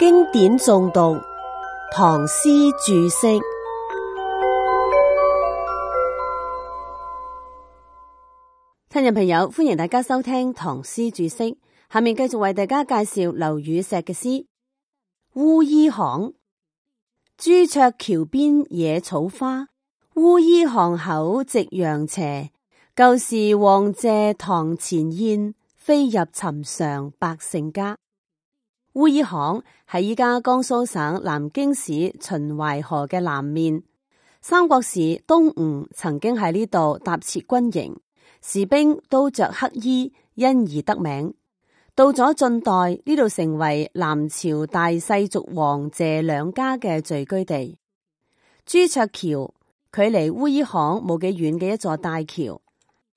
經典誦讀，唐詩注釋。聽眾朋友，歡迎大家收聽唐詩注釋。下面繼續為大家介紹劉禹錫嘅詩《烏衣巷》：朱雀橋邊野草花，烏衣巷口夕陽斜。舊時王謝堂前燕，飛入尋常百姓家。烏衣巷係依家江蘇省南京市秦淮河嘅南面，三國時東吳曾經喺呢度搭設軍營，士兵都着黑衣，因而得名。到咗晉代，呢度成為南朝大世族王謝兩家嘅聚居地。朱雀橋，距離烏衣巷冇幾遠嘅一座大橋，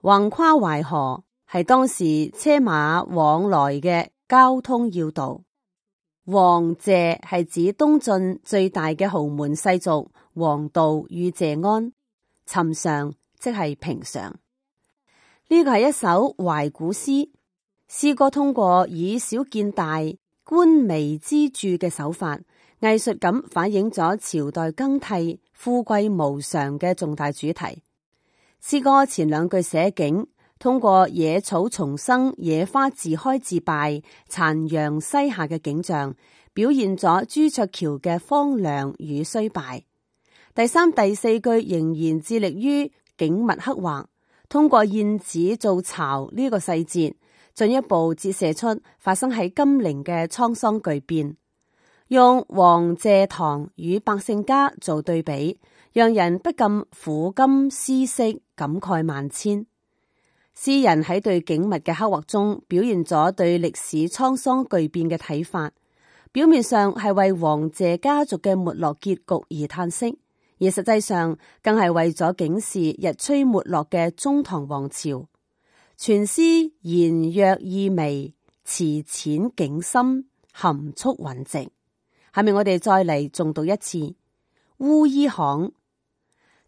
橫跨淮河，係當時車馬往來嘅交通要道。王謝係指東晉最大嘅豪門世族，王導與謝安，尋常即係平常。呢個係一首懷古詩，詩歌通過以小見大、觀微知著嘅手法，藝術咁反映咗朝代更替、富貴無常嘅重大主題。詩歌前兩句寫景。通過野草叢生、野花自開自敗、殘陽西下嘅景象，表現咗朱雀橋嘅荒涼與衰敗。第三、第四句仍然致力於景物刻畫，通過燕子造巢呢個細節，進一步折射出發生喺金陵嘅滄桑巨變。用王謝堂與百姓家做對比，讓人不禁撫今思昔，感慨萬千。詩人喺對景物嘅刻畫中，表現咗對歷史滄桑巨變嘅睇法。表面上係為王謝家族嘅沒落結局而嘆息，而實際上更係為咗警示日趨沒落嘅中唐王朝。全詩言若意味，詞淺景深，含蓄蘊藉。下面我哋再嚟重讀一次《烏衣巷》：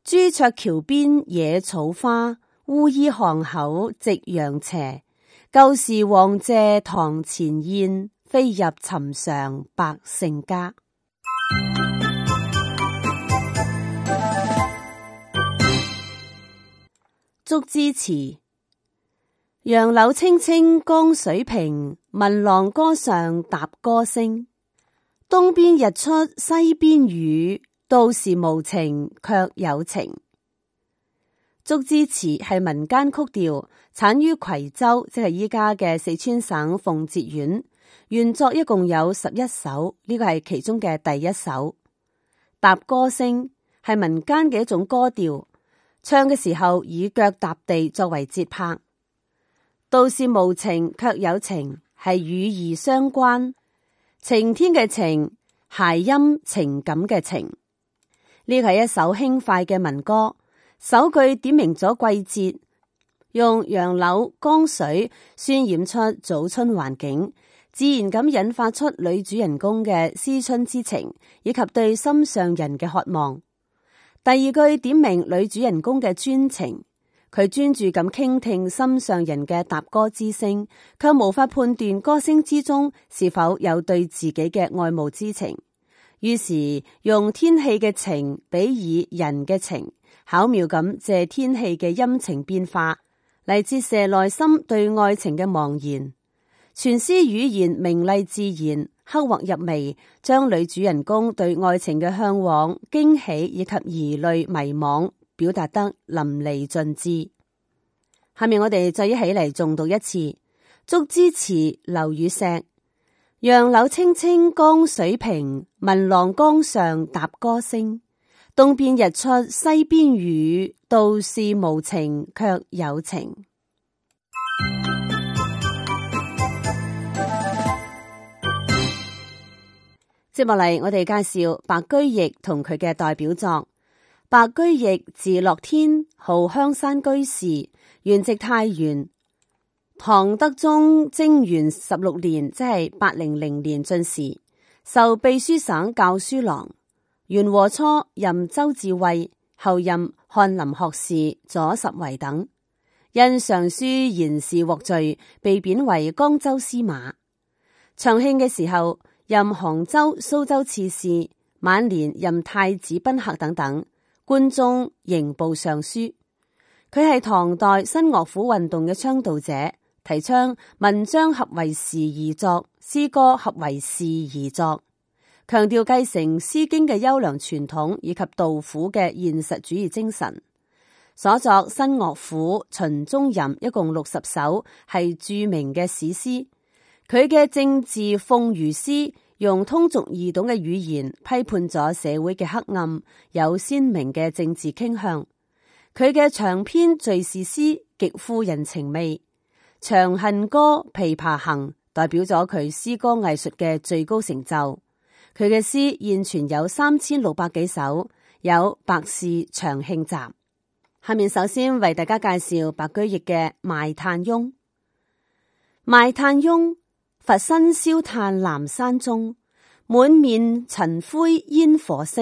朱雀橋邊野草花。烏衣巷口夕陽斜，舊時王謝堂前燕，飛入尋常百姓家。竹枝詞：楊柳青青江水平，聞郎江上踏歌聲。東邊日出西邊雨，道是無晴却有晴。」竹枝詞係民間曲調，產於夔州，即係依家嘅四川省奉節縣。原作一共有十一首，呢個係其中嘅第一首。踏歌聲係民間嘅一種歌調，唱嘅時候以腳踏地作為節拍。道是無情卻有情，係與義相關。晴天嘅晴，諧音情感嘅情。呢個係一首輕快嘅民歌。首句點明咗季節，用楊柳江水渲染出早春環境，自然咁引發出女主人公嘅思春之情，以及對心上人嘅渴望。第二句點明女主人公嘅專情，佢專注咁傾聽心上人嘅踏歌之聲，卻無法判斷歌聲之中是否有對自己嘅愛慕之情。於是，用天氣嘅情比以人嘅情。巧妙咁借天氣嘅陰晴變化嚟折射內心對愛情嘅茫然，全詩語言明麗自然，刻畫入微，將女主人公對愛情嘅向往、驚喜以及疑慮、迷惘表達得淋漓盡致。下面我哋再一起嚟重讀一次《竹枝詞》，劉禹錫：楊柳青青江水平，聞郎江上踏歌聲。東邊日出西邊雨，道是無晴卻有晴。接落嚟，我哋介紹白居易同佢嘅代表作。白居易字樂天，號香山居士，原籍太原。唐德宗貞元十六年，即係八零零年，進士，受秘書省教書郎。元和初任周智惠，後任翰林學士、左拾遺等。因上書言事獲罪，被貶為江州司馬。長慶嘅時候，任杭州、蘇州刺史，晚年任太子賓客等等。官終刑部尚書。佢係唐代新樂府運動嘅倡導者，提倡文章合為時而作，詩歌合為事而作。強調繼承《詩經》嘅優良傳統以及杜甫嘅現實主義精神，所作《新樂府》《秦中吟》一共六十首，係著名嘅史詩。佢嘅政治諷喻詩用通俗易懂嘅語言批判咗社會嘅黑暗，有鮮明嘅政治傾向。佢嘅長篇敘事詩極富人情味，《長恨歌》《琵琶行》代表咗佢詩歌藝術嘅最高成就。佢嘅詩現存有三千六百幾首，有《白氏長慶集》。下面首先為大家介紹白居易嘅《賣炭翁》。賣炭翁，伐薪燒炭南山中。滿面塵灰煙火色，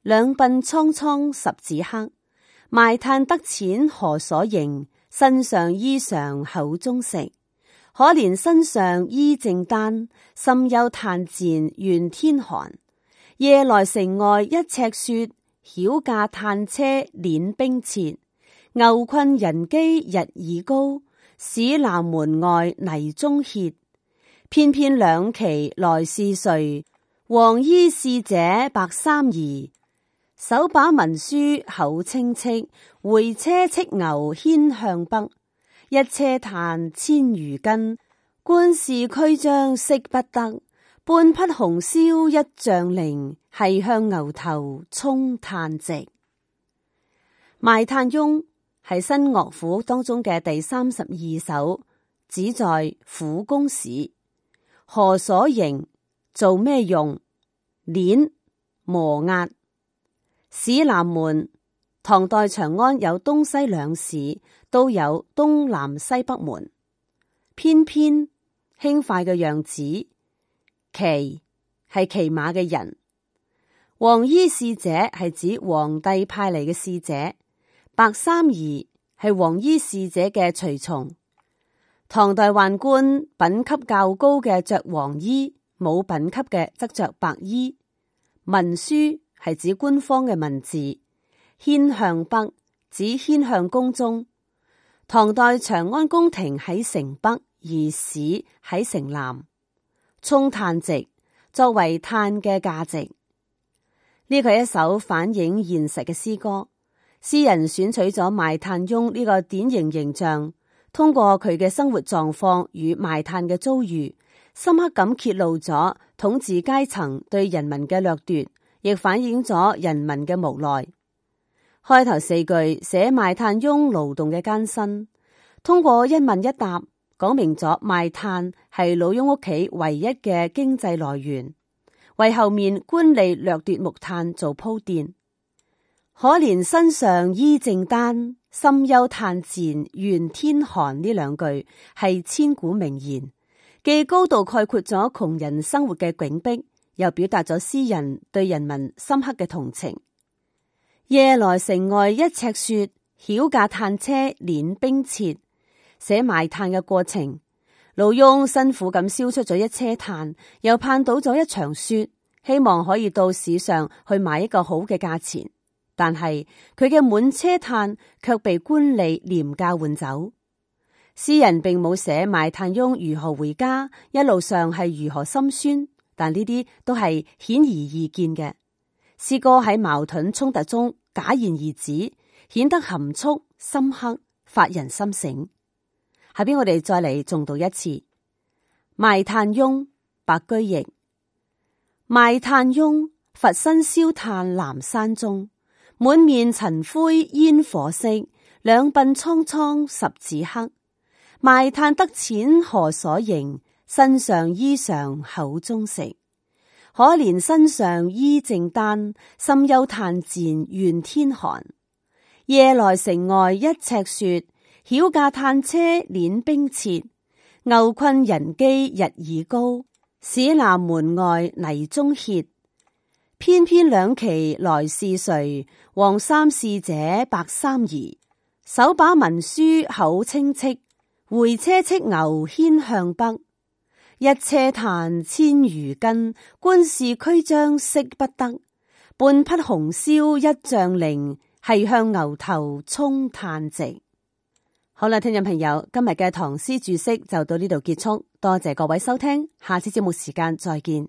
兩鬢蒼蒼十指黑。賣炭得錢何所營？身上衣裳口中食。可憐身上衣正單，心憂炭賤願天寒。夜來城外一尺雪，曉駕炭車輾冰轍。牛困人飢日已高，市南門外泥中歇。翩翩兩騎來是誰？黃衣使者白衫兒，手把文書口稱敕，回車叱牛牽向北。一車炭千餘斤，官事驅將惜不得。半匹紅綃一丈綾，繫向牛頭充炭直。賣炭翁係新樂府當中嘅第三十二首，只在苦工時，何所營？做咩用？碾磨壓市南門。唐代長安有東西兩市，都有東南西北門。翩翩輕快嘅樣子，騎係騎馬嘅人。黃衣侍者係指皇帝派嚟嘅侍者，白衫兒係黃衣侍者嘅隨從。唐代宦官品級較高嘅着黃衣，冇品級嘅則着着白衣。文書係指官方嘅文字。遷向北，指遷向宮中。唐代長安宮廷喺城北，而市喺城南。充炭值作為炭嘅價值呢。佢一首反映現實嘅詩歌，詩人選取咗賣炭翁呢個典型形象，通過佢嘅生活狀況與賣炭嘅遭遇，深刻咁揭露咗統治階層對人民嘅掠奪，亦反映咗人民嘅無奈。開頭四句寫賣炭翁勞動嘅艱辛，通過一問一答講明咗賣炭係老翁屋企唯一嘅經濟來源，為後面官吏掠奪木炭做鋪墊。可憐身上衣正單，心憂炭賤願天寒這兩。呢兩句係千古名言，既高度概括咗窮人生活嘅窘迫，又表達咗詩人對人民深刻嘅同情。夜來城外一尺雪，曉駕炭車輾冰轍。寫賣炭嘅過程，老翁辛苦咁燒出咗一車炭，又盼到咗一場雪，希望可以到市上去買一個好嘅價錢。但係佢嘅滿車炭卻被官吏廉價換走。詩人並冇寫賣炭翁如何回家，一路上係如何心酸，但呢啲都係顯而易見嘅。詩歌喺矛盾衝突中。戛然而止，顯得含蓄深刻，發人深省。下邊我哋再嚟重讀一次《賣炭翁》，白居易。賣炭翁，伐薪燒炭南山中。滿面塵灰煙火色，兩鬢蒼蒼十指黑。賣炭得錢何所營？身上衣裳口中食。可憐身上衣正單，心憂炭賤願天寒。夜來城外一尺雪，曉駕炭車輾冰轍。牛困人飢日已高，市南門外泥中歇。翩翩兩騎來是誰？黃衫使者白衫兒，手把文書口稱敕，回車叱牛牽向北。一車炭千餘斤，宮使驅將惜不得。半匹紅綃一丈綾，繫向牛頭充炭直。好啦，聽眾朋友，今日嘅唐詩註釋就到呢度結束，多謝各位收聽，下次節目時間再見。